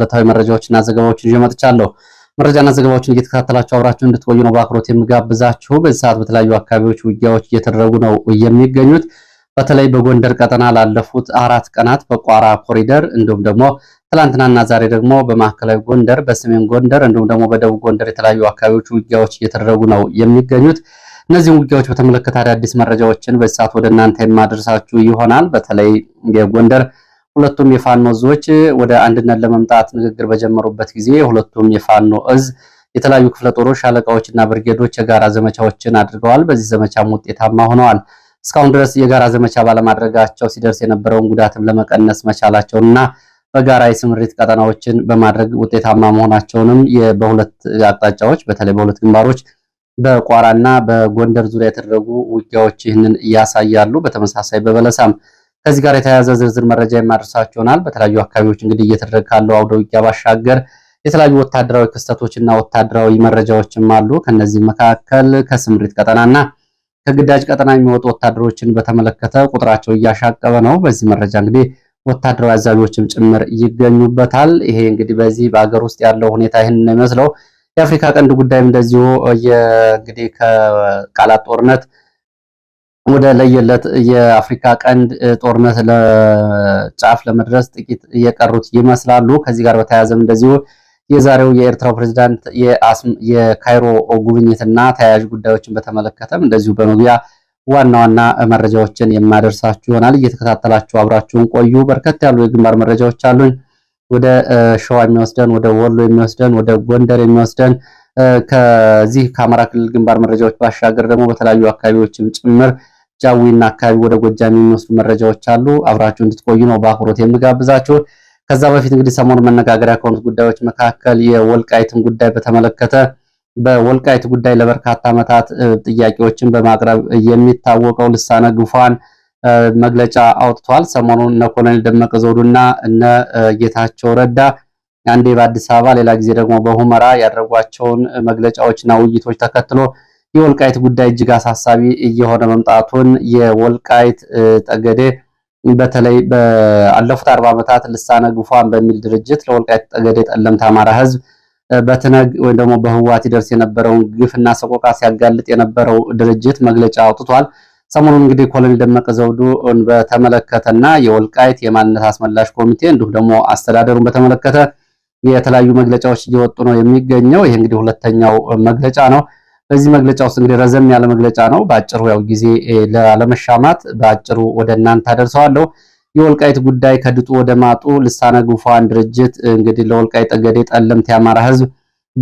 ዕለታዊ መረጃዎችና ዘገባዎችን ይዤ መጥቻለሁ። መረጃና ዘገባዎችን እየተከታተላችሁ አብራችሁ እንድትቆዩ ነው በአክብሮት የምጋብዛችሁ። በዚህ ሰዓት በተለያዩ አካባቢዎች ውጊያዎች እየተደረጉ ነው የሚገኙት። በተለይ በጎንደር ቀጠና ላለፉት አራት ቀናት በቋራ ኮሪደር እንዲሁም ደግሞ ትላንትናና ዛሬ ደግሞ በማዕከላዊ ጎንደር፣ በሰሜን ጎንደር እንዲሁም ደግሞ በደቡብ ጎንደር የተለያዩ አካባቢዎች ውጊያዎች እየተደረጉ ነው የሚገኙት። እነዚህም ውጊያዎች በተመለከተ አዳዲስ መረጃዎችን በዚህ ሰዓት ወደ እናንተ የማደርሳችሁ ይሆናል። በተለይ የጎንደር ሁለቱም የፋኖ እዞች ወደ አንድነት ለመምጣት ንግግር በጀመሩበት ጊዜ ሁለቱም የፋኖ እዝ የተለያዩ ክፍለ ጦሮች፣ ሻለቃዎች እና ብርጌዶች የጋራ ዘመቻዎችን አድርገዋል። በዚህ ዘመቻም ውጤታማ ሆነዋል። እስካሁን ድረስ የጋራ ዘመቻ ባለማድረጋቸው ሲደርስ የነበረውን ጉዳትም ለመቀነስ መቻላቸውና በጋራ የስምሪት ቀጠናዎችን በማድረግ ውጤታማ መሆናቸውንም በሁለት አቅጣጫዎች በተለይ በሁለት ግንባሮች በቋራና በጎንደር ዙሪያ የተደረጉ ውጊያዎች ይህንን እያሳያሉ። በተመሳሳይ በበለሳም ከዚህ ጋር የተያያዘ ዝርዝር መረጃ የማደርሳችሁ ይሆናል። በተለያዩ አካባቢዎች እንግዲህ እየተደረገ ካለው አውደ ውጊያ ባሻገር የተለያዩ ወታደራዊ ክስተቶችና ወታደራዊ መረጃዎችም አሉ። ከነዚህ መካከል ከስምሪት ቀጠናና ከግዳጅ ቀጠና የሚወጡ ወታደሮችን በተመለከተ ቁጥራቸው እያሻቀበ ነው። በዚህ መረጃ እንግዲህ ወታደራዊ አዛዦችም ጭምር ይገኙበታል። ይሄ እንግዲህ በዚህ በሀገር ውስጥ ያለው ሁኔታ ይህን ነው የሚመስለው። የአፍሪካ ቀንድ ጉዳይም እንደዚሁ እንግዲህ ከቃላት ጦርነት ወደ ለየለት የአፍሪካ ቀንድ ጦርነት ጫፍ ለመድረስ ጥቂት እየቀሩት ይመስላሉ። ከዚህ ጋር በተያያዘም እንደዚሁ የዛሬው የኤርትራው ፕሬዚዳንት የካይሮ ጉብኝትና ተያያዥ ጉዳዮችን በተመለከተም እንደዚሁ በመግቢያ ዋና ዋና መረጃዎችን የማደርሳችሁ ይሆናል። እየተከታተላችሁ አብራችሁን ቆዩ። በርከት ያሉ የግንባር መረጃዎች አሉኝ። ወደ ሸዋ የሚወስደን፣ ወደ ወሎ የሚወስደን፣ ወደ ጎንደር የሚወስደን ከዚህ ከአማራ ክልል ግንባር መረጃዎች ባሻገር ደግሞ በተለያዩ አካባቢዎችም ጭምር ጃዊና አካባቢ ወደ ጎጃም የሚወስዱ መረጃዎች አሉ። አብራችሁ እንድትቆዩ ነው በአክብሮት የምጋብዛችሁ። ከዛ በፊት እንግዲህ ሰሞኑ መነጋገሪያ ከሆኑት ጉዳዮች መካከል የወልቃይትን ጉዳይ በተመለከተ በወልቃይት ጉዳይ ለበርካታ ዓመታት ጥያቄዎችን በማቅረብ የሚታወቀው ልሳነ ግፏን መግለጫ አውጥቷል። ሰሞኑን እነ ኮሎኔል ደመቀ ዘውዱና እነ ጌታቸው ረዳ አንዴ በአዲስ አበባ ሌላ ጊዜ ደግሞ በሁመራ ያደረጓቸውን መግለጫዎችና ውይይቶች ተከትሎ የወልቃይት ጉዳይ እጅግ አሳሳቢ እየሆነ መምጣቱን የወልቃይት ጠገዴ በተለይ በአለፉት አርባ ዓመታት ልሳነ ጉፋን በሚል ድርጅት ለወልቃይት ጠገዴ ጠለምት አማራ ህዝብ በትነግ ወይም ደግሞ በህዋት ይደርስ የነበረውን ግፍና ሰቆቃ ሲያጋልጥ የነበረው ድርጅት መግለጫ አውጥቷል። ሰሞኑን እንግዲህ ኮሎኔል ደመቀ ዘውዱን በተመለከተና የወልቃይት የማንነት አስመላሽ ኮሚቴ እንዲሁም ደግሞ አስተዳደሩን በተመለከተ የተለያዩ መግለጫዎች እየወጡ ነው የሚገኘው። ይህ እንግዲህ ሁለተኛው መግለጫ ነው። በዚህ መግለጫ ውስጥ እንግዲህ ረዘም ያለ መግለጫ ነው። በአጭሩ ያው ጊዜ ላለመሻማት በአጭሩ ወደ እናንተ አደርሰዋለሁ። የወልቃይት ጉዳይ ከድጡ ወደ ማጡ ልሳነ ጉፋን ድርጅት እንግዲህ ለወልቃይ ጠገዴ፣ ጠለምት የአማራ ህዝብ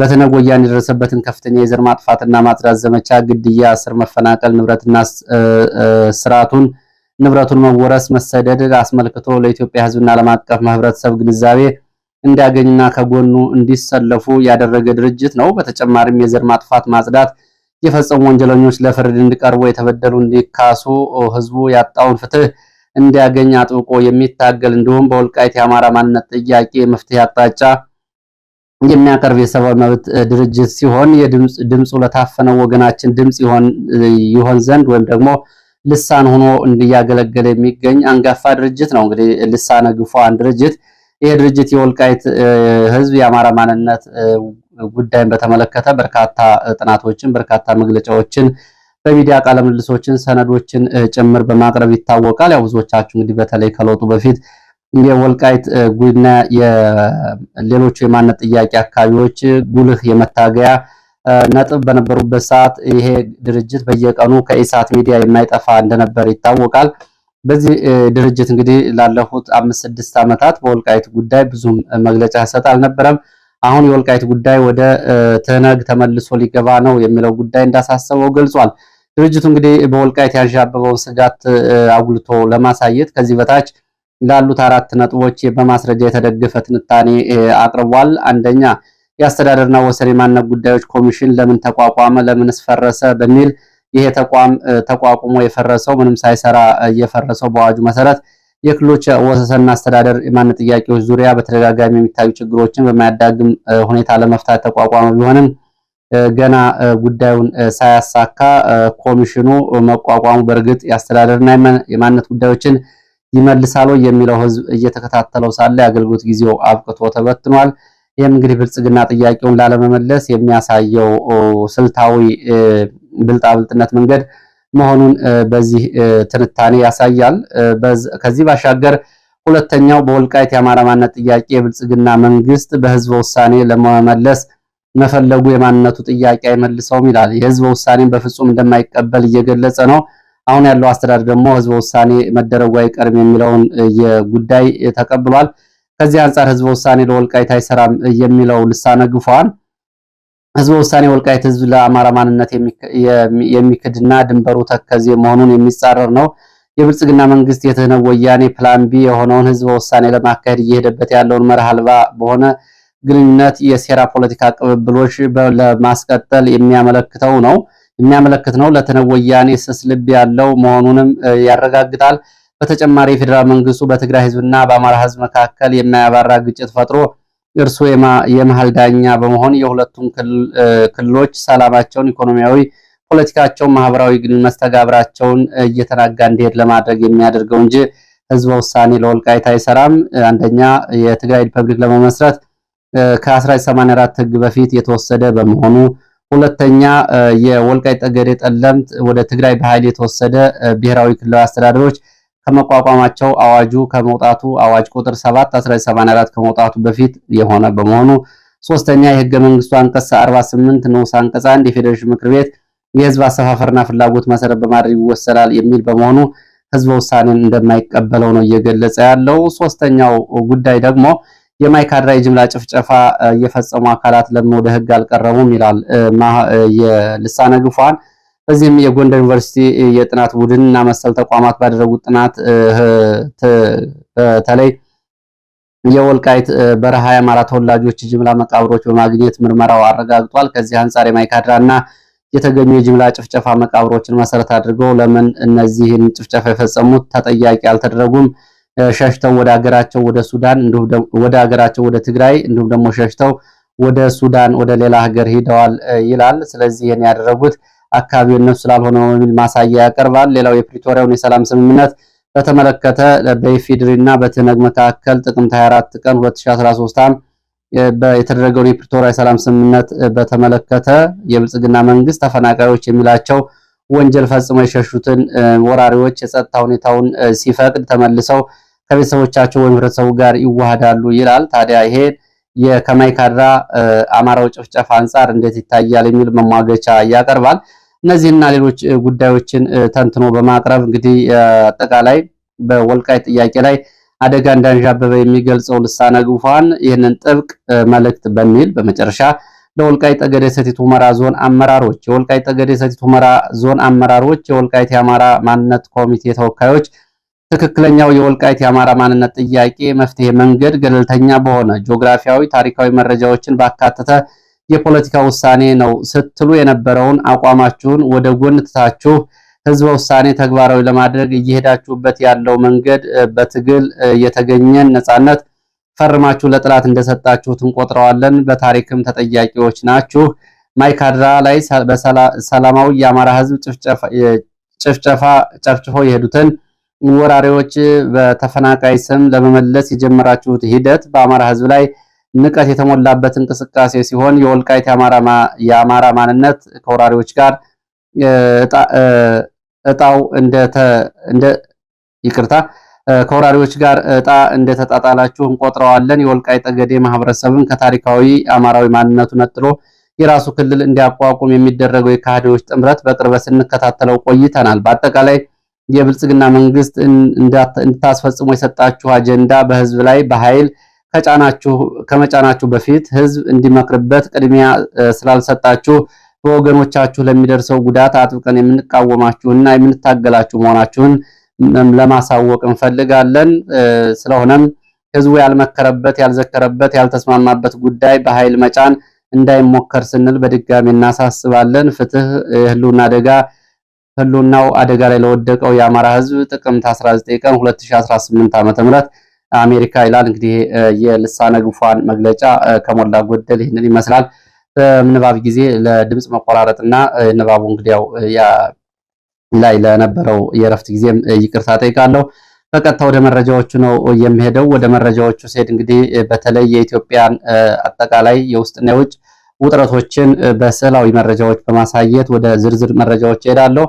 በተነው ወያኔ የደረሰበትን ከፍተኛ የዘር ማጥፋትና ማጽዳት ዘመቻ፣ ግድያ፣ እስር፣ መፈናቀል፣ ንብረትና ስርዓቱን ንብረቱን መወረስ፣ መሰደድ አስመልክቶ ለኢትዮጵያ ህዝብና ዓለም አቀፍ ማህበረሰብ ግንዛቤ እንዲያገኝና ከጎኑ እንዲሰለፉ ያደረገ ድርጅት ነው። በተጨማሪም የዘር ማጥፋት፣ ማጽዳት የፈጸሙ ወንጀለኞች ለፍርድ እንዲቀርቡ፣ የተበደሉ እንዲካሱ፣ ህዝቡ ያጣውን ፍትህ እንዲያገኝ አጥብቆ የሚታገል እንዲሁም በወልቃይት የአማራ ማንነት ጥያቄ መፍትሄ አቅጣጫ የሚያቀርብ የሰብአዊ መብት ድርጅት ሲሆን ድምፁ ለታፈነው ወገናችን ድምፅ ይሆን ዘንድ ወይም ደግሞ ልሳን ሆኖ እንዲያገለገለ የሚገኝ አንጋፋ ድርጅት ነው። እንግዲህ ልሳነ ግፏን ድርጅት ይሄ ድርጅት የወልቃይት ህዝብ የአማራ ማንነት ጉዳይን በተመለከተ በርካታ ጥናቶችን በርካታ መግለጫዎችን በሚዲያ ቃለ ምልልሶችን ሰነዶችን ጭምር በማቅረብ ይታወቃል። ያው ብዙዎቻችሁ እንግዲህ በተለይ ከለውጡ በፊት የወልቃይት ጉና የሌሎቹ የማንነት ጥያቄ አካባቢዎች ጉልህ የመታገያ ነጥብ በነበሩበት ሰዓት ይሄ ድርጅት በየቀኑ ከኢሳት ሚዲያ የማይጠፋ እንደነበር ይታወቃል። በዚህ ድርጅት እንግዲህ ላለፉት አምስት ስድስት ዓመታት በወልቃይት ጉዳይ ብዙም መግለጫ ሰጥ አልነበረም። አሁን የወልቃይት ጉዳይ ወደ ትህነግ ተመልሶ ሊገባ ነው የሚለው ጉዳይ እንዳሳሰበው ገልጿል። ድርጅቱ እንግዲህ በወልቃይት ያንዣበበውን ስጋት አጉልቶ ለማሳየት ከዚህ በታች ላሉት አራት ነጥቦች በማስረጃ የተደገፈ ትንታኔ አቅርቧል። አንደኛ የአስተዳደርና ወሰን የማንነት ጉዳዮች ኮሚሽን ለምን ተቋቋመ? ለምንስ ፈረሰ? በሚል ይሄ ተቋም ተቋቁሞ የፈረሰው ምንም ሳይሰራ የፈረሰው በአዋጁ መሰረት የክልሎች ወሰንና አስተዳደር የማንነት ጥያቄዎች ዙሪያ በተደጋጋሚ የሚታዩ ችግሮችን በማያዳግም ሁኔታ ለመፍታት ተቋቋመ ቢሆንም ገና ጉዳዩን ሳያሳካ ኮሚሽኑ መቋቋሙ በእርግጥ የአስተዳደርና የማንነት ጉዳዮችን ይመልሳሉ የሚለው ህዝብ እየተከታተለው ሳለ የአገልግሎት ጊዜው አብቅቶ ተበትኗል። ይህም እንግዲህ ብልጽግና ጥያቄውን ላለመመለስ የሚያሳየው ስልታዊ ብልጣብልጥነት መንገድ መሆኑን በዚህ ትንታኔ ያሳያል። ከዚህ ባሻገር ሁለተኛው በወልቃይት የአማራ ማንነት ጥያቄ የብልጽግና መንግስት በህዝበ ውሳኔ ለመመለስ መፈለጉ የማንነቱ ጥያቄ አይመልሰውም ይላል። የህዝበ ውሳኔን በፍጹም እንደማይቀበል እየገለጸ ነው። አሁን ያለው አስተዳደር ደግሞ ህዝበ ውሳኔ መደረጉ አይቀርም የሚለውን ጉዳይ ተቀብሏል። ከዚህ አንጻር ህዝበ ውሳኔ ለወልቃይት አይሰራም የሚለው ልሳነ ግፏን ህዝበ ውሳኔ ወልቃይት ህዝብ ለአማራ ማንነት የሚክድና ድንበሩ ተከዜ መሆኑን የሚጻረር ነው። የብልጽግና መንግስት የትህነው ወያኔ ፕላን ቢ የሆነውን ህዝበ ውሳኔ ለማካሄድ እየሄደበት ያለውን መርህ አልባ በሆነ ግንኙነት የሴራ ፖለቲካ ቅብብሎች ለማስቀጠል የሚያመለክተው ነው የሚያመለክት ነው። ለትህነው ወያኔ ስስ ልብ ያለው መሆኑንም ያረጋግጣል። በተጨማሪ የፌዴራል መንግስቱ በትግራይ ህዝብና በአማራ ህዝብ መካከል የማያባራ ግጭት ፈጥሮ እርሱ የመሀል ዳኛ በመሆን የሁለቱም ክልሎች ሰላማቸውን፣ ኢኮኖሚያዊ ፖለቲካቸውን፣ ማህበራዊ ግን መስተጋብራቸውን እየተናጋ እንዲሄድ ለማድረግ የሚያደርገው እንጂ ህዝበ ውሳኔ ለወልቃይት አይሰራም። አንደኛ የትግራይ ሪፐብሊክ ለመመስረት ከ1984 ህግ በፊት የተወሰደ በመሆኑ ሁለተኛ የወልቃይት ጠገዴ፣ ጠለምት ወደ ትግራይ በኃይል የተወሰደ ብሔራዊ ክልላዊ አስተዳደሮች ከመቋቋማቸው አዋጁ ከመውጣቱ አዋጅ ቁጥር 7 1984 ከመውጣቱ በፊት የሆነ በመሆኑ ሶስተኛ የህገ መንግስቱ አንቀጽ 48 ንዑስ አንቀጽ 1 የፌዴሬሽን ምክር ቤት የህዝብ አሰፋፈርና ፍላጎት መሰረት በማድረግ ይወሰናል የሚል በመሆኑ ህዝበ ውሳኔን እንደማይቀበለው ነው እየገለጸ ያለው። ሶስተኛው ጉዳይ ደግሞ የማይካድራ የጅምላ ጭፍጨፋ እየፈጸሙ አካላት ለምን ወደ ህግ አልቀረቡም ይላል የልሳነ ግፏን በዚህም የጎንደር ዩኒቨርሲቲ የጥናት ቡድን እና መሰል ተቋማት ባደረጉት ጥናት በተለይ የወልቃይት በረሃ የአማራ ተወላጆች ጅምላ መቃብሮች በማግኘት ምርመራው አረጋግጧል። ከዚህ አንጻር የማይካድራ እና የተገኙ የጅምላ ጭፍጨፋ መቃብሮችን መሰረት አድርገው ለምን እነዚህን ጭፍጨፋ የፈጸሙት ተጠያቂ አልተደረጉም? ሸሽተው ወደ ሀገራቸው ወደ ሱዳን እንዲሁም ወደ ሀገራቸው ወደ ትግራይ እንዲሁም ደግሞ ሸሽተው ወደ ሱዳን ወደ ሌላ ሀገር ሂደዋል ይላል። ስለዚህ ይህን ያደረጉት አካባቢው እነሱ ስላልሆነ በሚል ማሳያ ያቀርባል። ሌላው የፕሪቶሪያውን የሰላም ስምምነት በተመለከተ በኢፌዴሪ እና በትህነግ መካከል ጥቅምት 24 ቀን 2013 የተደረገውን የፕሪቶሪያ የሰላም ስምምነት በተመለከተ የብልጽግና መንግስት ተፈናቃዮች የሚላቸው ወንጀል ፈጽመው የሸሹትን ወራሪዎች የጸጥታ ሁኔታውን ሲፈቅድ ተመልሰው ከቤተሰቦቻቸው ወይም ህብረተሰቡ ጋር ይዋሃዳሉ ይላል። ታዲያ ይሄ ከማይካድራ አማራው ጭፍጨፋ አንጻር እንዴት ይታያል የሚል መሟገቻ ያቀርባል። እነዚህና ሌሎች ጉዳዮችን ተንትኖ በማቅረብ እንግዲህ አጠቃላይ በወልቃይት ጥያቄ ላይ አደጋ እንዳንዣበበ የሚገልጸው ልሳነ ግፏን ይህንን ጥብቅ መልእክት በሚል በመጨረሻ ለወልቃይት ጠገዴ ሰቲት ሁመራ ዞን አመራሮች የወልቃይት ጠገዴ ሰቲት ሁመራ ዞን አመራሮች፣ የወልቃይት የአማራ ማንነት ኮሚቴ ተወካዮች ትክክለኛው የወልቃይት የአማራ ማንነት ጥያቄ መፍትሄ መንገድ ገለልተኛ በሆነ ጂኦግራፊያዊ፣ ታሪካዊ መረጃዎችን ባካተተ የፖለቲካ ውሳኔ ነው ስትሉ የነበረውን አቋማችሁን ወደ ጎን ትታችሁ ህዝበ ውሳኔ ተግባራዊ ለማድረግ እየሄዳችሁበት ያለው መንገድ በትግል የተገኘን ነጻነት ፈርማችሁ ለጥላት እንደሰጣችሁት እንቆጥረዋለን። በታሪክም ተጠያቂዎች ናችሁ። ማይካድራ ላይ ሰላማዊ የአማራ ህዝብ ጭፍጨፋ ጨፍጭፎ የሄዱትን ወራሪዎች በተፈናቃይ ስም ለመመለስ የጀመራችሁት ሂደት በአማራ ህዝብ ላይ ንቀት የተሞላበት እንቅስቃሴ ሲሆን የወልቃይት የአማራ ማንነት ከወራሪዎች ጋር እጣው እንደ ይቅርታ ከወራሪዎች ጋር እጣ እንደተጣጣላችሁ እንቆጥረዋለን። የወልቃይ ጠገዴ ማህበረሰብን ከታሪካዊ አማራዊ ማንነቱ ነጥሎ የራሱ ክልል እንዲያቋቁም የሚደረገው የካህዲዎች ጥምረት በቅርበት ስንከታተለው ቆይተናል። በአጠቃላይ የብልጽግና መንግስት እንድታስፈጽሙ የሰጣችሁ አጀንዳ በህዝብ ላይ በኃይል ከመጫናችሁ በፊት ህዝብ እንዲመክርበት ቅድሚያ ስላልሰጣችሁ በወገኖቻችሁ ለሚደርሰው ጉዳት አጥብቀን የምንቃወማችሁና የምንታገላችሁ መሆናችሁን ለማሳወቅ እንፈልጋለን። ስለሆነም ህዝቡ ያልመከረበት፣ ያልዘከረበት፣ ያልተስማማበት ጉዳይ በኃይል መጫን እንዳይሞከር ስንል በድጋሚ እናሳስባለን። ፍትህ የህልውና አደጋ ህልውናው አደጋ ላይ ለወደቀው የአማራ ህዝብ ጥቅምት 19 ቀን 2018 ዓ.ም አሜሪካ ይላል። እንግዲህ የልሳነ ጉፋን መግለጫ ከሞላ ጎደል ይህንን ይመስላል። በምንባብ ጊዜ ለድምፅ መቆራረጥና ንባቡ እንግዲያው ላይ ለነበረው የእረፍት ጊዜም ይቅርታ ጠይቃለሁ። በቀጥታ ወደ መረጃዎቹ ነው የሚሄደው። ወደ መረጃዎቹ ሲሄድ እንግዲህ በተለይ የኢትዮጵያን አጠቃላይ የውስጥና የውጭ ውጥረቶችን በስዕላዊ መረጃዎች በማሳየት ወደ ዝርዝር መረጃዎች ይሄዳለሁ።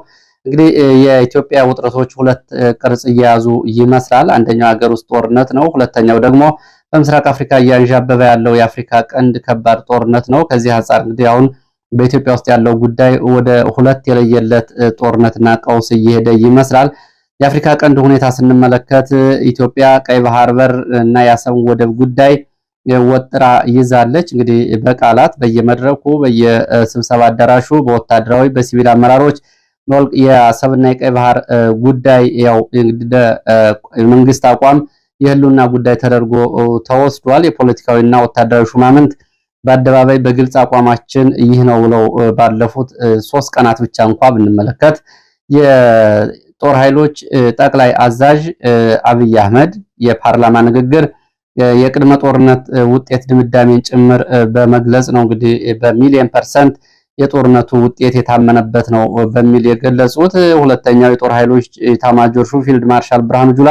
እንግዲህ የኢትዮጵያ ውጥረቶች ሁለት ቅርጽ እየያዙ ይመስላል። አንደኛው ሀገር ውስጥ ጦርነት ነው። ሁለተኛው ደግሞ በምስራቅ አፍሪካ እያንዣበበ ያለው የአፍሪካ ቀንድ ከባድ ጦርነት ነው። ከዚህ አንጻር እንግዲህ አሁን በኢትዮጵያ ውስጥ ያለው ጉዳይ ወደ ሁለት የለየለት ጦርነትና ቀውስ እየሄደ ይመስላል። የአፍሪካ ቀንድ ሁኔታ ስንመለከት ኢትዮጵያ ቀይ ባህር በር እና የአሰብ ወደብ ጉዳይ ወጥራ ይዛለች። እንግዲህ በቃላት በየመድረኩ በየስብሰባ አዳራሹ፣ በወታደራዊ በሲቪል አመራሮች የአሰብና የቀይ ባህር ጉዳይ ያው መንግስት አቋም የህልውና ጉዳይ ተደርጎ ተወስዷል። የፖለቲካዊና ወታደራዊ ሹማምንት በአደባባይ በግልጽ አቋማችን ይህ ነው ብለው ባለፉት ሶስት ቀናት ብቻ እንኳ ብንመለከት የጦር ኃይሎች ጠቅላይ አዛዥ አብይ አህመድ የፓርላማ ንግግር የቅድመ ጦርነት ውጤት ድምዳሜን ጭምር በመግለጽ ነው እንግዲህ በሚሊየን ፐርሰንት የጦርነቱ ውጤት የታመነበት ነው በሚል የገለጹት ሁለተኛው የጦር ኃይሎች ኢታማጆር ሹም ፊልድ ማርሻል ብርሃኑ ጁላ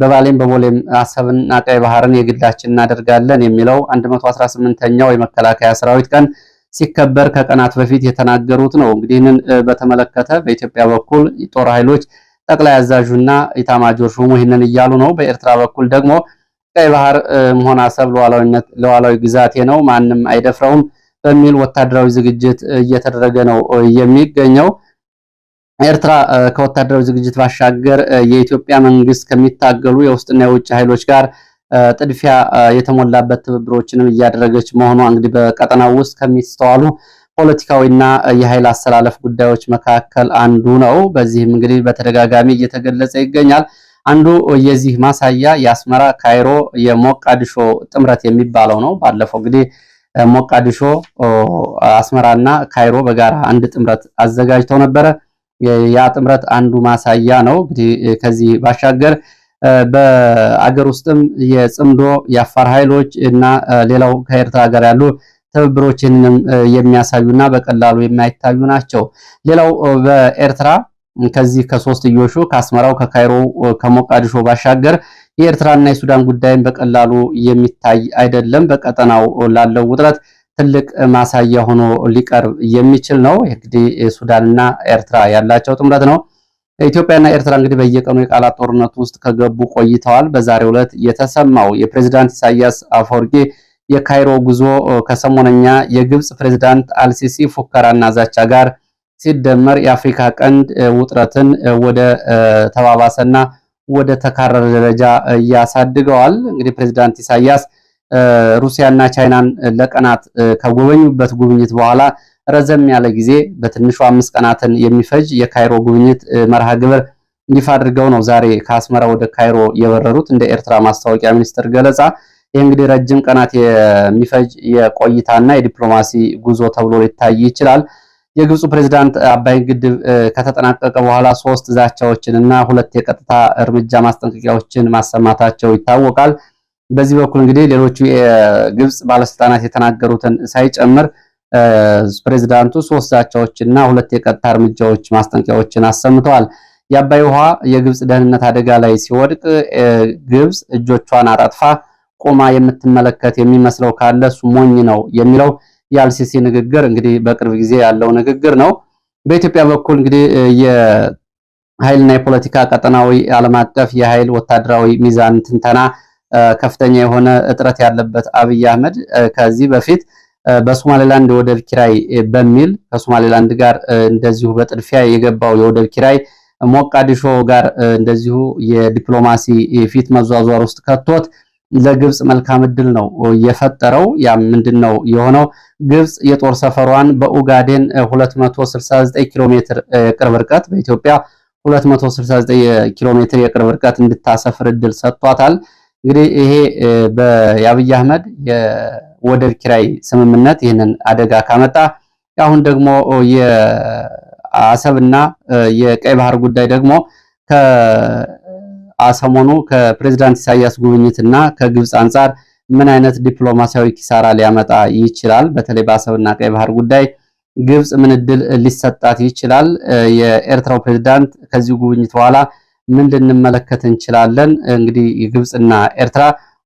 በባሌም በቦሌም አሰብና ቀይ ባህርን የግላችን እናደርጋለን የሚለው 118ኛው የመከላከያ ሰራዊት ቀን ሲከበር ከቀናት በፊት የተናገሩት ነው። እንግዲህ ይህንን በተመለከተ በኢትዮጵያ በኩል ጦር ኃይሎች ጠቅላይ አዛዡና ኢታማጆር ሹሙ ይህንን እያሉ ነው። በኤርትራ በኩል ደግሞ ቀይ ባህር መሆን አሰብ ለዋላዊ ግዛቴ ነው፣ ማንም አይደፍረውም በሚል ወታደራዊ ዝግጅት እየተደረገ ነው የሚገኘው። ኤርትራ ከወታደራዊ ዝግጅት ባሻገር የኢትዮጵያ መንግስት ከሚታገሉ የውስጥና የውጭ ኃይሎች ጋር ጥድፊያ የተሞላበት ትብብሮችንም እያደረገች መሆኗ እንግዲህ በቀጠናው ውስጥ ከሚስተዋሉ ፖለቲካዊና የኃይል አሰላለፍ ጉዳዮች መካከል አንዱ ነው። በዚህም እንግዲህ በተደጋጋሚ እየተገለጸ ይገኛል። አንዱ የዚህ ማሳያ የአስመራ ካይሮ የሞቃዲሾ ጥምረት የሚባለው ነው። ባለፈው እንግዲህ ሞቃዲሾ፣ አስመራና ካይሮ በጋራ አንድ ጥምረት አዘጋጅተው ነበረ። ያ ጥምረት አንዱ ማሳያ ነው። እንግዲህ ከዚህ ባሻገር በአገር ውስጥም የጽምዶ የአፋር ኃይሎች እና ሌላው ከኤርትራ ጋር ያሉ ትብብሮችንም የሚያሳዩና በቀላሉ የማይታዩ ናቸው። ሌላው በኤርትራ ከዚህ ከሶስትዮሹ ከአስመራው፣ ከካይሮ፣ ከሞቃዲሾ ባሻገር የኤርትራና የሱዳን ጉዳይም በቀላሉ የሚታይ አይደለም። በቀጠናው ላለው ውጥረት ትልቅ ማሳያ ሆኖ ሊቀርብ የሚችል ነው። እንግዲህ ሱዳንና ኤርትራ ያላቸው ጥምረት ነው። ኢትዮጵያና ኤርትራ እንግዲህ በየቀኑ የቃላት ጦርነት ውስጥ ከገቡ ቆይተዋል። በዛሬው ዕለት የተሰማው የፕሬዝዳንት ኢሳያስ አፈወርቂ የካይሮ ጉዞ ከሰሞነኛ የግብፅ ፕሬዝዳንት አልሲሲ ፉከራና ዛቻ ጋር ሲደመር የአፍሪካ ቀንድ ውጥረትን ወደ ተባባሰና ወደ ተካረረ ደረጃ ያሳድገዋል። እንግዲህ ፕሬዚዳንት ኢሳያስ ሩሲያና ቻይናን ለቀናት ከጎበኙበት ጉብኝት በኋላ ረዘም ያለ ጊዜ በትንሹ አምስት ቀናትን የሚፈጅ የካይሮ ጉብኝት መርሃ ግብር ይፋ አድርገው ነው ዛሬ ከአስመራ ወደ ካይሮ የበረሩት። እንደ ኤርትራ ማስታወቂያ ሚኒስትር ገለጻ ይህ እንግዲህ ረጅም ቀናት የሚፈጅ የቆይታና የዲፕሎማሲ ጉዞ ተብሎ ሊታይ ይችላል። የግብፁ ፕሬዚዳንት አባይን ግድብ ከተጠናቀቀ በኋላ ሶስት ዛቻዎችን እና ሁለት የቀጥታ እርምጃ ማስጠንቀቂያዎችን ማሰማታቸው ይታወቃል። በዚህ በኩል እንግዲህ ሌሎቹ የግብፅ ባለስልጣናት የተናገሩትን ሳይጨምር ፕሬዚዳንቱ ሶስት እና ሁለት የቀጥታ እርምጃዎች ማስጠንቀቂያዎችን አሰምተዋል። የአባይ ውሃ የግብፅ ደህንነት አደጋ ላይ ሲወድቅ ግብፅ እጆቿን አጣጥፋ ቆማ የምትመለከት የሚመስለው ካለ እሱ ሞኝ ነው የሚለው የአልሲሲ ንግግር እንግዲህ በቅርብ ጊዜ ያለው ንግግር ነው። በኢትዮጵያ በኩል እንግዲህ የኃይልና የፖለቲካ ቀጠናዊ ዓለም አቀፍ የኃይል ወታደራዊ ሚዛን ትንተና ከፍተኛ የሆነ እጥረት ያለበት አብይ አህመድ ከዚህ በፊት በሶማሌላንድ የወደብ ኪራይ በሚል ከሶማሌላንድ ጋር እንደዚሁ በጥድፊያ የገባው የወደብ ኪራይ ሞቃዲሾ ጋር እንደዚሁ የዲፕሎማሲ ፊት መዟዟር ውስጥ ከቶት ለግብፅ መልካም እድል ነው የፈጠረው። ያም ምንድን ነው የሆነው? ግብፅ የጦር ሰፈሯን በኡጋዴን 269 ኪሎ ሜትር የቅርብ ርቀት በኢትዮጵያ 269 ኪሎ ሜትር የቅርብ ርቀት እንድታሰፍር እድል ሰጥቷታል። እንግዲህ ይሄ በአብይ አህመድ የወደብ ኪራይ ስምምነት ይህንን አደጋ ካመጣ አሁን ደግሞ የአሰብና የቀይ ባህር ጉዳይ ደግሞ ሰሞኑ ከፕሬዚዳንት ኢሳያስ ጉብኝትና ከግብፅ አንጻር ምን አይነት ዲፕሎማሲያዊ ኪሳራ ሊያመጣ ይችላል? በተለይ በአሰብና ቀይ ባህር ጉዳይ ግብፅ ምን እድል ሊሰጣት ይችላል? የኤርትራው ፕሬዚዳንት ከዚህ ጉብኝት በኋላ ምን ልንመለከት እንችላለን? እንግዲህ ግብፅና ኤርትራ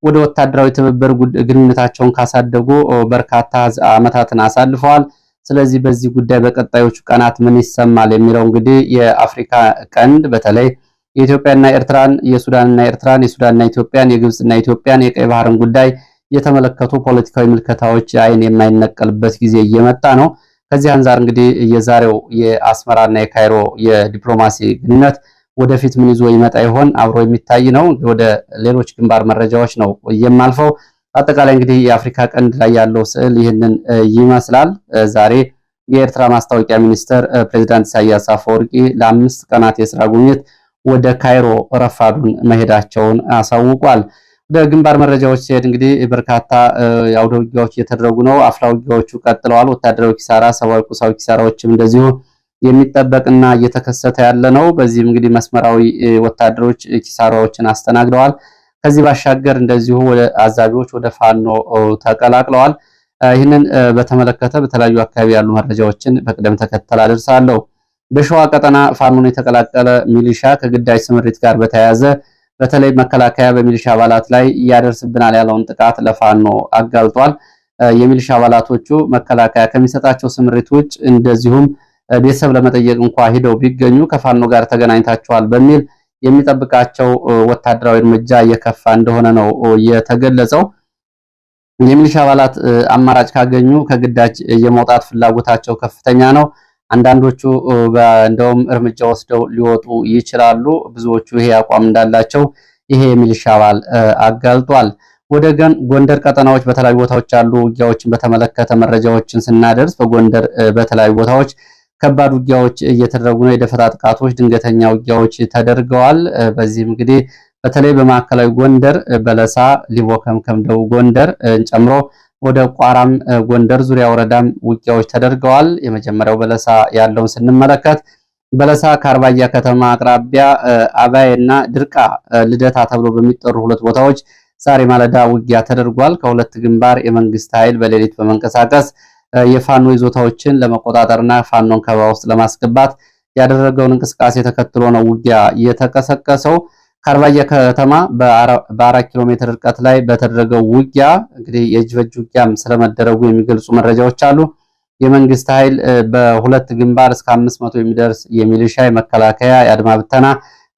ወደ ወታደራዊ ትብብር ግንኙነታቸውን ካሳደጉ በርካታ ዓመታትን አሳልፈዋል። ስለዚህ በዚህ ጉዳይ በቀጣዮቹ ቀናት ምን ይሰማል የሚለው እንግዲህ የአፍሪካ ቀንድ በተለይ የኢትዮጵያና ኤርትራን፣ የሱዳንና ኤርትራን፣ የሱዳንና ኢትዮጵያን፣ የግብፅና ኢትዮጵያን፣ የቀይ ባህርን ጉዳይ የተመለከቱ ፖለቲካዊ ምልከታዎች አይን የማይነቀልበት ጊዜ እየመጣ ነው። ከዚህ አንጻር እንግዲህ የዛሬው የአስመራና የካይሮ የዲፕሎማሲ ግንኙነት ወደፊት ምን ይዞ ይመጣ ይሆን አብሮ የሚታይ ነው። ወደ ሌሎች ግንባር መረጃዎች ነው የማልፈው። አጠቃላይ እንግዲህ የአፍሪካ ቀንድ ላይ ያለው ስዕል ይህንን ይመስላል። ዛሬ የኤርትራ ማስታወቂያ ሚኒስትር ፕሬዚዳንት ኢሳያስ አፈወርቂ ለአምስት ቀናት የስራ ጉብኝት ወደ ካይሮ ረፋዱን መሄዳቸውን አሳውቋል። ወደ ግንባር መረጃዎች ሲሄድ እንግዲህ በርካታ አውደ ውጊያዎች እየተደረጉ ነው። አፍላ ውጊያዎቹ ቀጥለዋል። ወታደራዊ ኪሳራ፣ ሰብአዊ፣ ቁሳዊ ኪሳራዎችም እንደዚሁ የሚጠበቅና እየተከሰተ ያለ ነው። በዚህም እንግዲህ መስመራዊ ወታደሮች ኪሳራዎችን አስተናግደዋል። ከዚህ ባሻገር እንደዚሁ ወደ አዛቢዎች ወደ ፋኖ ተቀላቅለዋል። ይህንን በተመለከተ በተለያዩ አካባቢ ያሉ መረጃዎችን በቅደም ተከተል አደርሳለሁ። በሸዋ ቀጠና ፋኖን የተቀላቀለ ሚሊሻ ከግዳጅ ስምሪት ጋር በተያያዘ በተለይ መከላከያ በሚሊሻ አባላት ላይ እያደርስብናል ያለውን ጥቃት ለፋኖ አጋልጧል። የሚሊሻ አባላቶቹ መከላከያ ከሚሰጣቸው ስምሪት ውጭ እንደዚሁም ቤተሰብ ለመጠየቅ እንኳ ሂደው ቢገኙ ከፋኖ ጋር ተገናኝታቸዋል በሚል የሚጠብቃቸው ወታደራዊ እርምጃ እየከፋ እንደሆነ ነው የተገለጸው። የሚሊሻ አባላት አማራጭ ካገኙ ከግዳጅ የመውጣት ፍላጎታቸው ከፍተኛ ነው። አንዳንዶቹ እንደውም እርምጃ ወስደው ሊወጡ ይችላሉ። ብዙዎቹ ይሄ አቋም እንዳላቸው ይሄ የሚሊሻ አባል አጋልጧል። ወደ ጎንደር ቀጠናዎች በተለያዩ ቦታዎች ያሉ ውጊያዎችን በተመለከተ መረጃዎችን ስናደርስ በጎንደር በተለያዩ ቦታዎች ከባድ ውጊያዎች እየተደረጉ ነው። የደፈጣ ጥቃቶች፣ ድንገተኛ ውጊያዎች ተደርገዋል። በዚህም እንግዲህ በተለይ በማዕከላዊ ጎንደር በለሳ፣ ሊቦ ከምከም፣ ደቡብ ጎንደር ጨምሮ ወደ ቋራም ጎንደር ዙሪያ ወረዳም ውጊያዎች ተደርገዋል። የመጀመሪያው በለሳ ያለውን ስንመለከት በለሳ ከአርባያ ከተማ አቅራቢያ አባይ እና ድርቃ ልደታ ተብሎ በሚጠሩ ሁለት ቦታዎች ዛሬ ማለዳ ውጊያ ተደርጓል። ከሁለት ግንባር የመንግስት ኃይል በሌሊት በመንቀሳቀስ የፋኖ ይዞታዎችን ለመቆጣጠርና ፋኖን ከበባ ውስጥ ለማስገባት ያደረገውን እንቅስቃሴ ተከትሎ ነው ውጊያ የተቀሰቀሰው። ከአርባያ ከተማ በአራት ኪሎ ሜትር ርቀት ላይ በተደረገው ውጊያ እንግዲህ የእጅ በእጅ ውጊያም ስለመደረጉ የሚገልጹ መረጃዎች አሉ። የመንግስት ኃይል በሁለት ግንባር እስከ አምስት መቶ የሚደርስ የሚሊሻ መከላከያ፣ የአድማ ብተና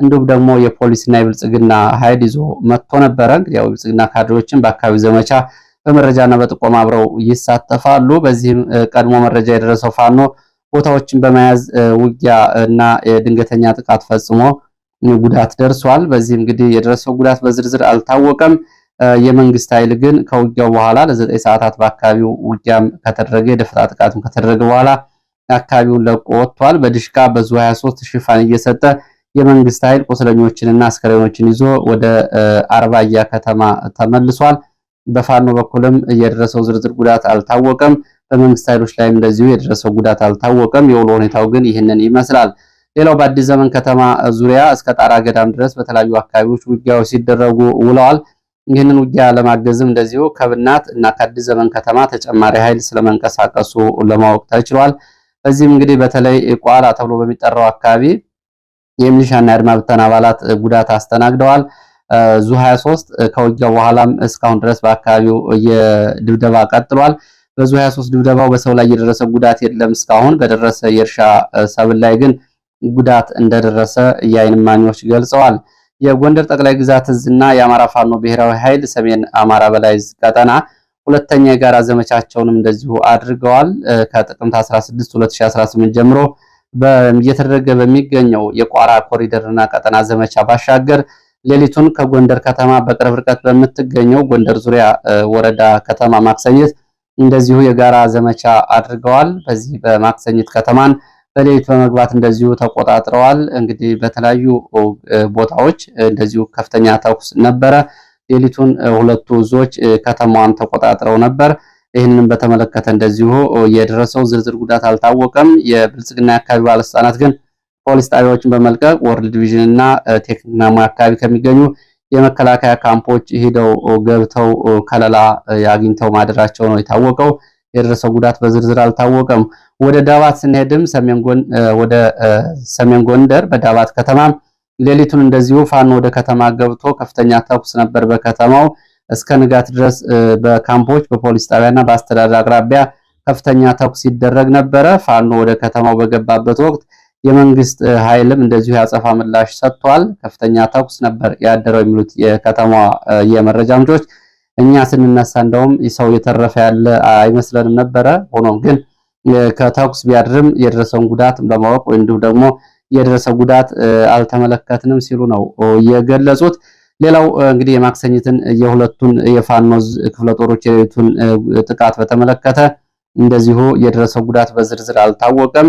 እንዲሁም ደግሞ የፖሊስና የብልጽግና ኃይል ይዞ መጥቶ ነበረ። እንግዲህ ያው የብልጽግና ካድሬዎችን በአካባቢው ዘመቻ በመረጃና በጥቆም አብረው ይሳተፋሉ። በዚህም ቀድሞ መረጃ የደረሰው ፋኖ ቦታዎችን በመያዝ ውጊያ እና ድንገተኛ ጥቃት ፈጽሞ ጉዳት ደርሷል። በዚህም እንግዲህ የደረሰው ጉዳት በዝርዝር አልታወቀም። የመንግስት ኃይል ግን ከውጊያው በኋላ ለዘጠኝ ሰዓታት በአካባቢው ውጊያም ከተደረገ የደፈጣ ጥቃትም ከተደረገ በኋላ አካባቢውን ለቆ ወጥቷል። በድሽቃ በዙ 23 ሽፋን እየሰጠ የመንግስት ኃይል ቁስለኞችንና አስከሬኖችን ይዞ ወደ አርባያ ከተማ ተመልሷል። በፋኖ በኩልም የደረሰው ዝርዝር ጉዳት አልታወቀም። በመንግስት ኃይሎች ላይም እንደዚሁ የደረሰው ጉዳት አልታወቀም። የውሎ ሁኔታው ግን ይህንን ይመስላል። ሌላው በአዲስ ዘመን ከተማ ዙሪያ እስከ ጣራ ገዳም ድረስ በተለያዩ አካባቢዎች ውጊያዎች ሲደረጉ ውለዋል። ይህንን ውጊያ ለማገዝም እንደዚሁ ከብናት እና ከአዲስ ዘመን ከተማ ተጨማሪ ኃይል ስለመንቀሳቀሱ ለማወቅ ተችሏል። በዚህም እንግዲህ በተለይ ቋላ ተብሎ በሚጠራው አካባቢ የሚሊሻና የአድማ ብተና አባላት ጉዳት አስተናግደዋል። ዙ 23 ከውጊያው በኋላም እስካሁን ድረስ በአካባቢው የድብደባ ቀጥሏል። በዙ 23 ድብደባው በሰው ላይ የደረሰ ጉዳት የለም እስካሁን በደረሰ የእርሻ ሰብል ላይ ግን ጉዳት እንደደረሰ የዓይን እማኞች ገልጸዋል። የጎንደር ጠቅላይ ግዛት እዝና የአማራ ፋኖ ብሔራዊ ኃይል ሰሜን አማራ በላይ ቀጠና ሁለተኛ የጋራ ዘመቻቸውንም እንደዚሁ አድርገዋል። ከጥቅምት 16 2018 ጀምሮ እየተደረገ በሚገኘው የቋራ ኮሪደርና ቀጠና ዘመቻ ባሻገር ሌሊቱን ከጎንደር ከተማ በቅርብ ርቀት በምትገኘው ጎንደር ዙሪያ ወረዳ ከተማ ማክሰኝት እንደዚሁ የጋራ ዘመቻ አድርገዋል። በዚህ በማክሰኝት ከተማን በሌሊት በመግባት እንደዚሁ ተቆጣጥረዋል። እንግዲህ በተለያዩ ቦታዎች እንደዚሁ ከፍተኛ ተኩስ ነበረ። ሌሊቱን ሁለቱ እዞች ከተማዋን ተቆጣጥረው ነበር። ይህንንም በተመለከተ እንደዚሁ የደረሰው ዝርዝር ጉዳት አልታወቀም። የብልጽግና የአካባቢ ባለስልጣናት ግን ፖሊስ ጣቢያዎችን በመልቀቅ ወርልድ ዲቪዥን እና ቴክኒክና ሙያ አካባቢ ከሚገኙ የመከላከያ ካምፖች ሂደው ገብተው ከለላ አግኝተው ማደራቸው ነው የታወቀው። የደረሰው ጉዳት በዝርዝር አልታወቀም። ወደ ዳባት ስንሄድም ወደ ሰሜን ጎንደር በዳባት ከተማ ሌሊቱን እንደዚሁ ፋኖ ወደ ከተማ ገብቶ ከፍተኛ ተኩስ ነበር በከተማው እስከ ንጋት ድረስ በካምፖች በፖሊስ ጣቢያና በአስተዳደር አቅራቢያ ከፍተኛ ተኩስ ይደረግ ነበረ። ፋኖ ወደ ከተማው በገባበት ወቅት የመንግስት ኃይልም እንደዚሁ ያጸፋ ምላሽ ሰጥቷል። ከፍተኛ ተኩስ ነበር ያደረው የሚሉት የከተማ የመረጃ ምንጮች እኛ ስንነሳ እንደውም ሰው የተረፈ ያለ አይመስለንም ነበረ። ሆኖም ግን ከተኩስ ቢያድርም የደረሰውን ጉዳት ለማወቅ ወይም ደግሞ የደረሰ ጉዳት አልተመለከትንም ሲሉ ነው የገለጹት። ሌላው እንግዲህ የማክሰኝትን የሁለቱን የፋኖዝ ክፍለ ጦሮች የሌሊቱን ጥቃት በተመለከተ እንደዚሁ የደረሰው ጉዳት በዝርዝር አልታወቀም።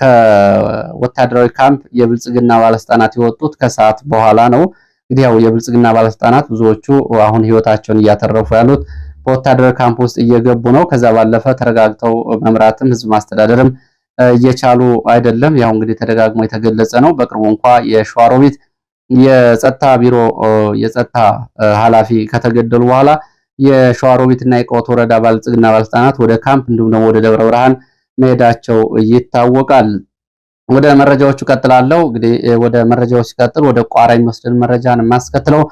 ከወታደራዊ ካምፕ የብልጽግና ባለስልጣናት የወጡት ከሰዓት በኋላ ነው። እንግዲህ ያው የብልጽግና ባለስልጣናት ብዙዎቹ አሁን ህይወታቸውን እያተረፉ ያሉት በወታደር ካምፕ ውስጥ እየገቡ ነው። ከዛ ባለፈ ተረጋግተው መምራትም ህዝብ ማስተዳደርም እየቻሉ አይደለም። ያው እንግዲህ ተደጋግሞ የተገለጸ ነው። በቅርቡ እንኳ የሸዋሮቢት የጸጥታ ቢሮ የጸጥታ ኃላፊ ከተገደሉ በኋላ የሸዋሮቢትና የቀወት ወረዳ ባለጽግና ባለስልጣናት ወደ ካምፕ እንዲሁም ደግሞ ወደ ደብረ ብርሃን መሄዳቸው ይታወቃል። ወደ መረጃዎቹ ቀጥላለሁ። እንግዲህ ወደ መረጃዎች ሲቀጥል ወደ ቋራ የሚወስድን መረጃን የማስከትለው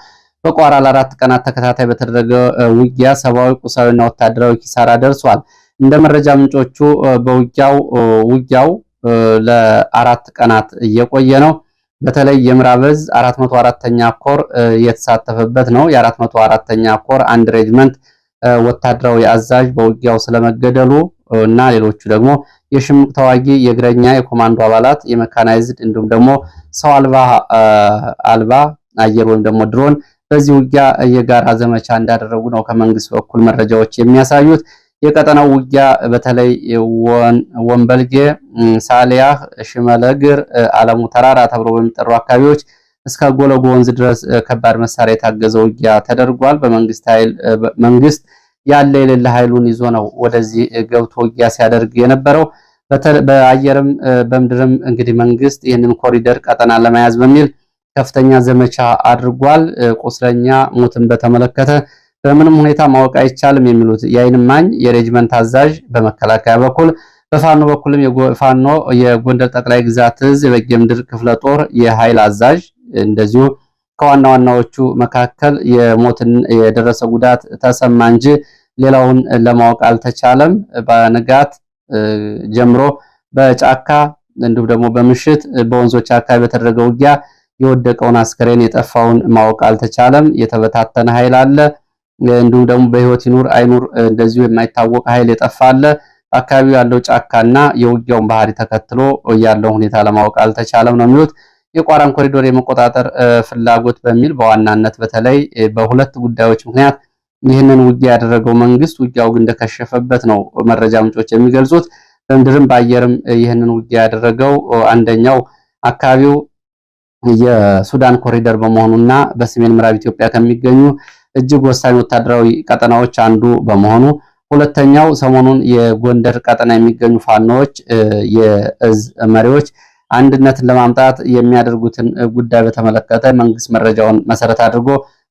በቋራ ለአራት ቀናት ተከታታይ በተደረገ ውጊያ ሰብአዊ፣ ቁሳዊና ወታደራዊ ኪሳራ ደርሷል። እንደ መረጃ ምንጮቹ በውጊያው ውጊያው ለአራት ቀናት እየቆየ ነው። በተለይ የምዕራብ ዕዝ 404ኛ ኮር የተሳተፈበት ነው። የ404ኛ ኮር አንድ ሬጅመንት ወታደራዊ አዛዥ በውጊያው ስለመገደሉ እና ሌሎቹ ደግሞ የሽምቅ ተዋጊ፣ የእግረኛ፣ የኮማንዶ አባላት፣ የመካናይዝድ እንዲሁም ደግሞ ሰው አልባ አየር ወይም ደግሞ ድሮን በዚህ ውጊያ የጋራ ዘመቻ እንዳደረጉ ነው ከመንግስት በኩል መረጃዎች የሚያሳዩት። የቀጠናው ውጊያ በተለይ ወንበልጌ፣ ሳሊያህ፣ ሽመለግር፣ አለሙ ተራራ ተብሎ በሚጠሩ አካባቢዎች እስከ ጎለጎ ወንዝ ድረስ ከባድ መሳሪያ የታገዘ ውጊያ ተደርጓል። በመንግስት ኃይል መንግስት ያለ የሌለ ኃይሉን ይዞ ነው ወደዚህ ገብቶ ውጊያ ሲያደርግ የነበረው። በአየርም በምድርም እንግዲህ መንግስት ይህንን ኮሪደር ቀጠና ለመያዝ በሚል ከፍተኛ ዘመቻ አድርጓል። ቁስለኛ ሞትን በተመለከተ በምንም ሁኔታ ማወቅ አይቻልም የሚሉት የአይን እማኝ የሬጅመንት አዛዥ በመከላከያ በኩል በፋኖ በኩልም ፋኖ የጎንደር ጠቅላይ ግዛት እዝ የበጌምድር ክፍለ ጦር የኃይል አዛዥ እንደዚሁ ከዋና ዋናዎቹ መካከል የሞትን የደረሰ ጉዳት ተሰማ እንጂ ሌላውን ለማወቅ አልተቻለም። በንጋት ጀምሮ በጫካ እንዲሁም ደግሞ በምሽት በወንዞች አካባቢ በተደረገ ውጊያ የወደቀውን አስከሬን የጠፋውን ማወቅ አልተቻለም። የተበታተነ ኃይል አለ። እንዲሁም ደግሞ በህይወት ይኑር አይኑር እንደዚሁ የማይታወቅ ኃይል የጠፋ አለ። አካባቢው ያለው ጫካና የውጊያውን ባህሪ ተከትሎ ያለውን ሁኔታ ለማወቅ አልተቻለም ነው የሚሉት። የቋራን ኮሪዶር የመቆጣጠር ፍላጎት በሚል በዋናነት በተለይ በሁለት ጉዳዮች ምክንያት ይህንን ውጊያ ያደረገው መንግስት ውጊያው እንደከሸፈበት ነው መረጃ ምንጮች የሚገልጹት። በምድርም በአየርም ይህንን ውጊያ ያደረገው አንደኛው አካባቢው የሱዳን ኮሪደር በመሆኑና በሰሜን ምዕራብ ኢትዮጵያ ከሚገኙ እጅግ ወሳኝ ወታደራዊ ቀጠናዎች አንዱ በመሆኑ፣ ሁለተኛው ሰሞኑን የጎንደር ቀጠና የሚገኙ ፋኖዎች የእዝ መሪዎች አንድነትን ለማምጣት የሚያደርጉትን ጉዳይ በተመለከተ መንግስት መረጃውን መሰረት አድርጎ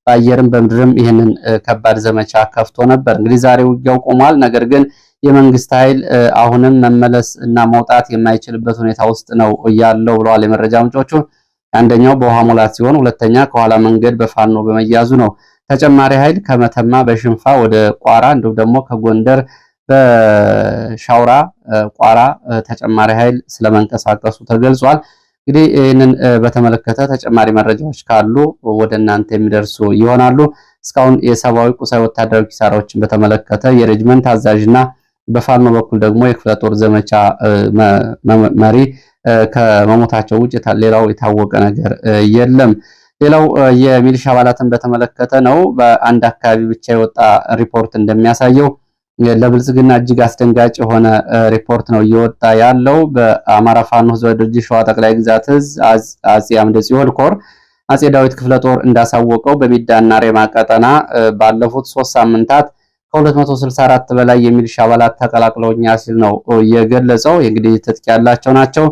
በአየርም በምድርም ይህንን ከባድ ዘመቻ ከፍቶ ነበር። እንግዲህ ዛሬ ውጊያው ቆሟል። ነገር ግን የመንግስት ኃይል አሁንም መመለስ እና መውጣት የማይችልበት ሁኔታ ውስጥ ነው ያለው ብለዋል የመረጃ ምንጮቹ። አንደኛው በውሃ ሙላት ሲሆን፣ ሁለተኛ ከኋላ መንገድ በፋኖ በመያዙ ነው። ተጨማሪ ኃይል ከመተማ በሽንፋ ወደ ቋራ እንዲሁም ደግሞ ከጎንደር በሻውራ ቋራ ተጨማሪ ኃይል ስለመንቀሳቀሱ ተገልጿል። እንግዲህ ይህንን በተመለከተ ተጨማሪ መረጃዎች ካሉ ወደ እናንተ የሚደርሱ ይሆናሉ። እስካሁን የሰብአዊ ቁሳዊ ወታደራዊ ኪሳራዎችን በተመለከተ የሬጅመንት አዛዥና በፋኖ በኩል ደግሞ የክፍለ ጦር ዘመቻ መሪ ከመሞታቸው ውጭ ሌላው የታወቀ ነገር የለም። ሌላው የሚሊሻ አባላትን በተመለከተ ነው። በአንድ አካባቢ ብቻ የወጣ ሪፖርት እንደሚያሳየው ለብልጽግና እጅግ አስደንጋጭ የሆነ ሪፖርት ነው እየወጣ ያለው። በአማራ ፋኖ ህዝባዊ ድርጅት ሸዋ ጠቅላይ ግዛት እዝ አጼ አምደ ጽዮን ኮር አጼ ዳዊት ክፍለ ጦር እንዳሳወቀው በሚዳና ሬማ ቀጠና ባለፉት ሶስት ሳምንታት ከ264 በላይ የሚሊሻ አባላት ተቀላቅለውኛ ሲል ነው የገለጸው። እንግዲህ ትጥቅ ያላቸው ናቸው።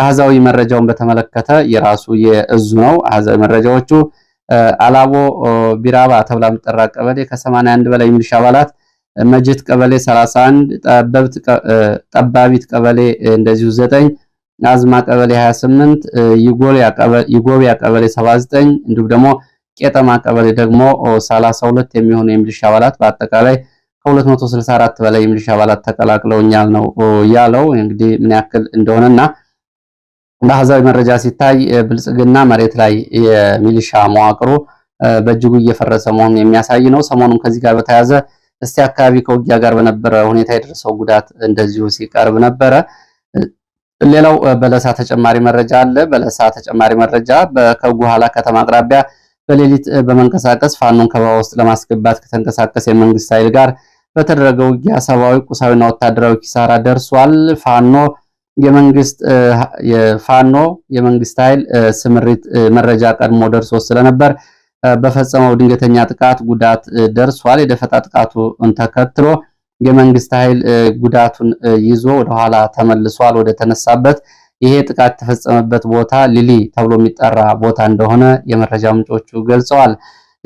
አህዛዊ መረጃውን በተመለከተ የራሱ የእዙ ነው። አህዛዊ መረጃዎቹ አላቦ ቢራባ ተብላ የምትጠራ ቀበሌ ከ81 በላይ የሚሊሻ አባላት መጅት ቀበሌ 31 ጠባቢት ቀበሌ እንደዚሁ 9 አዝማ ቀበሌ 28 ይጎብያ ቀበሌ 79 እንዲሁም ደግሞ ቄጠማ ቀበሌ ደግሞ 32 የሚሆኑ የሚሊሻ አባላት በአጠቃላይ ከ264 በላይ የሚሊሻ አባላት ተቀላቅለውኛል ነው ያለው። እንግዲህ ምን ያክል እንደሆነና በአሃዛዊ መረጃ ሲታይ ብልጽግና መሬት ላይ የሚሊሻ መዋቅሩ በእጅጉ እየፈረሰ መሆኑን የሚያሳይ ነው። ሰሞኑን ከዚህ ጋር በተያያዘ እስቲ አካባቢ ከውጊያ ጋር በነበረ ሁኔታ የደረሰው ጉዳት እንደዚሁ ሲቀርብ ነበረ። ሌላው በለሳ ተጨማሪ መረጃ አለ። በለሳ ተጨማሪ መረጃ ከጉኋላ ከተማ አቅራቢያ በሌሊት በመንቀሳቀስ ፋኖን ከበባ ውስጥ ለማስገባት ከተንቀሳቀሰ የመንግስት ኃይል ጋር በተደረገ ውጊያ ሰብአዊ፣ ቁሳዊና ወታደራዊ ኪሳራ ደርሷል። ፋኖ የመንግስት የፋኖ የመንግስት ኃይል ስምሪት መረጃ ቀድሞ ደርሶ ስለነበር በፈጸመው ድንገተኛ ጥቃት ጉዳት ደርሷል። የደፈጣ ጥቃቱን ተከትሎ የመንግስት ኃይል ጉዳቱን ይዞ ወደኋላ ተመልሷል። ወደ ተነሳበት ይሄ ጥቃት የተፈጸመበት ቦታ ሊሊ ተብሎ የሚጠራ ቦታ እንደሆነ የመረጃ ምንጮቹ ገልጸዋል።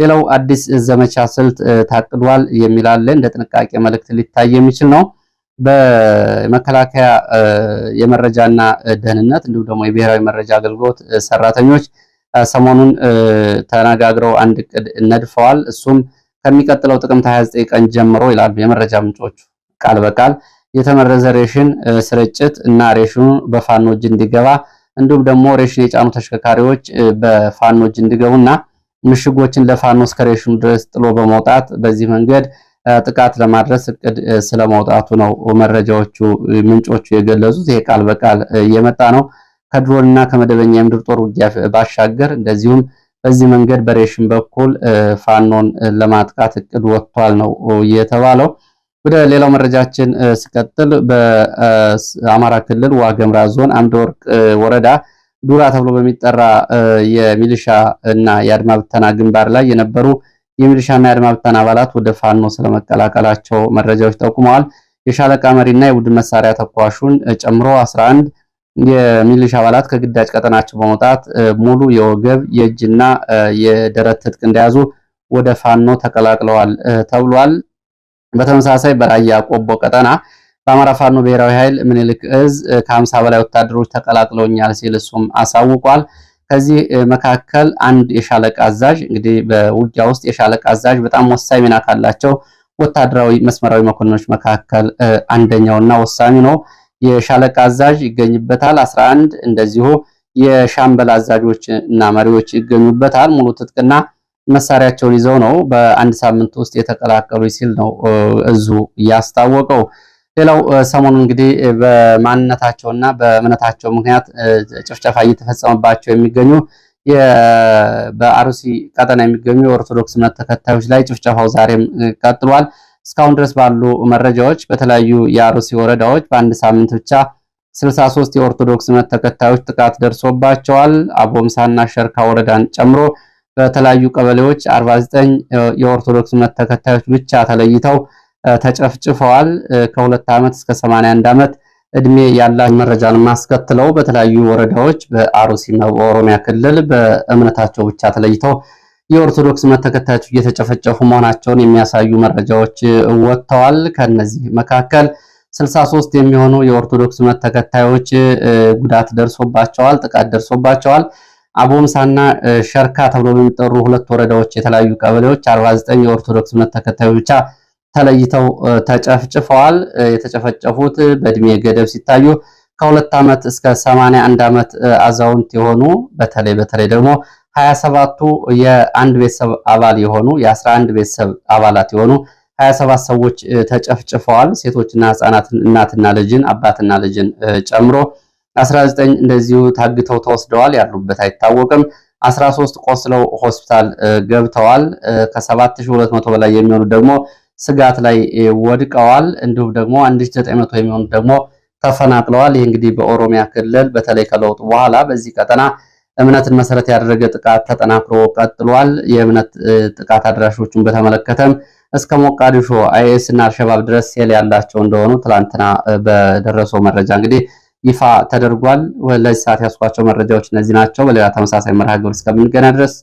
ሌላው አዲስ ዘመቻ ስልት ታቅዷል የሚል አለ። እንደ ጥንቃቄ መልእክት ሊታይ የሚችል ነው። በመከላከያ የመረጃና ደህንነት እንዲሁም ደግሞ የብሔራዊ መረጃ አገልግሎት ሰራተኞች ሰሞኑን ተነጋግረው አንድ እቅድ ነድፈዋል። እሱም ከሚቀጥለው ጥቅምት 29 ቀን ጀምሮ ይላሉ የመረጃ ምንጮቹ ቃል በቃል የተመረዘ ሬሽን ስርጭት እና ሬሽኑ በፋኖ እጅ እንዲገባ እንዲሁም ደግሞ ሬሽን የጫኑ ተሽከርካሪዎች በፋኖ እጅ እንዲገቡና ምሽጎችን ለፋኖ እስከ ሬሽኑ ድረስ ጥሎ በመውጣት በዚህ መንገድ ጥቃት ለማድረስ እቅድ ስለመውጣቱ ነው መረጃዎቹ ምንጮቹ የገለጹት። ይሄ ቃል በቃል እየመጣ ነው። ከድሮን እና ከመደበኛ የምድር ጦር ውጊያ ባሻገር እንደዚሁም በዚህ መንገድ በሬሽን በኩል ፋኖን ለማጥቃት እቅድ ወጥቷል ነው የተባለው። ወደ ሌላው መረጃችን ስቀጥል በአማራ ክልል ዋገምራ ዞን አምደ ወርቅ ወረዳ ዱራ ተብሎ በሚጠራ የሚሊሻ እና የአድማ ብተና ግንባር ላይ የነበሩ የሚሊሻና የአድማ ብተና አባላት ወደ ፋኖ ስለመቀላቀላቸው መረጃዎች ጠቁመዋል። የሻለቃ መሪና የቡድን መሳሪያ ተኳሹን ጨምሮ 11 የሚሊሻ አባላት ከግዳጅ ቀጠናቸው በመውጣት ሙሉ የወገብ የእጅና የደረት ትጥቅ እንደያዙ ወደ ፋኖ ተቀላቅለዋል ተብሏል። በተመሳሳይ በራያ ቆቦ ቀጠና በአማራ ፋኖ ብሔራዊ ኃይል ምኒልክ እዝ ከ50 በላይ ወታደሮች ተቀላቅለውኛል ሲል እሱም አሳውቋል። ከዚህ መካከል አንድ የሻለቃ አዛዥ እንግዲህ በውጊያ ውስጥ የሻለቃ አዛዥ በጣም ወሳኝ ሚና ካላቸው ወታደራዊ መስመራዊ መኮንኖች መካከል አንደኛውና ወሳኙ ነው። የሻለቃ አዛዥ ይገኝበታል። 11 እንደዚሁ የሻምበል አዛዦች እና መሪዎች ይገኙበታል። ሙሉ ትጥቅና መሳሪያቸውን ይዘው ነው በአንድ ሳምንት ውስጥ የተቀላቀሉ ሲል ነው እዙ ያስታወቀው። ሌላው ሰሞኑ እንግዲህ በማንነታቸውና በእምነታቸው ምክንያት ጭፍጨፋ እየተፈጸመባቸው የሚገኙ በአሩሲ ቀጠና የሚገኙ የኦርቶዶክስ እምነት ተከታዮች ላይ ጭፍጨፋው ዛሬም ቀጥሏል። እስካሁን ድረስ ባሉ መረጃዎች በተለያዩ የአርሲ ወረዳዎች በአንድ ሳምንት ብቻ 63 የኦርቶዶክስ እምነት ተከታዮች ጥቃት ደርሶባቸዋል። አቦምሳና ሸርካ ወረዳን ጨምሮ በተለያዩ ቀበሌዎች 49 የኦርቶዶክስ እምነት ተከታዮች ብቻ ተለይተው ተጨፍጭፈዋል። ከሁለት ዓመት እስከ 81 ዓመት እድሜ ያላቸው መረጃን ማስከትለው በተለያዩ ወረዳዎች በአርሲና በኦሮሚያ ክልል በእምነታቸው ብቻ ተለይተው የኦርቶዶክስ እምነት ተከታዮች እየተጨፈጨፉ መሆናቸውን የሚያሳዩ መረጃዎች ወጥተዋል። ከነዚህ መካከል 63 የሚሆኑ የኦርቶዶክስ እምነት ተከታዮች ጉዳት ደርሶባቸዋል፣ ጥቃት ደርሶባቸዋል። አቦምሳና ሸርካ ተብሎ በሚጠሩ ሁለት ወረዳዎች የተለያዩ ቀበሌዎች 49 የኦርቶዶክስ እምነት ተከታዮች ብቻ ተለይተው ተጨፍጭፈዋል። የተጨፈጨፉት በእድሜ ገደብ ሲታዩ ከሁለት ዓመት እስከ 81 ዓመት አዛውንት የሆኑ በተለይ በተለይ ደግሞ ሀያ ሰባቱ የአንድ ቤተሰብ አባል የሆኑ የአስራ አንድ ቤተሰብ አባላት የሆኑ ሀያ ሰባት ሰዎች ተጨፍጭፈዋል። ሴቶችና ህጻናት፣ እናትና ልጅን፣ አባትና ልጅን ጨምሮ አስራ ዘጠኝ እንደዚሁ ታግተው ተወስደዋል። ያሉበት አይታወቅም። አስራ ሶስት ቆስለው ሆስፒታል ገብተዋል። ከሰባት ሺህ ሁለት መቶ በላይ የሚሆኑ ደግሞ ስጋት ላይ ወድቀዋል። እንዲሁም ደግሞ አንድ ሺህ ዘጠኝ መቶ የሚሆኑ ደግሞ ተፈናቅለዋል። ይህ እንግዲህ በኦሮሚያ ክልል በተለይ ከለውጡ በኋላ በዚህ ቀጠና እምነትን መሰረት ያደረገ ጥቃት ተጠናክሮ ቀጥሏል። የእምነት ጥቃት አድራሾቹን በተመለከተም እስከ ሞቃዲሾ አይኤስ እና አልሸባብ ድረስ ሴል ያላቸው እንደሆኑ ትላንትና በደረሰው መረጃ እንግዲህ ይፋ ተደርጓል። ለዚህ ሰዓት ያስኳቸው መረጃዎች እነዚህ ናቸው። በሌላ ተመሳሳይ መርሃ ግብር እስከምንገና ድረስ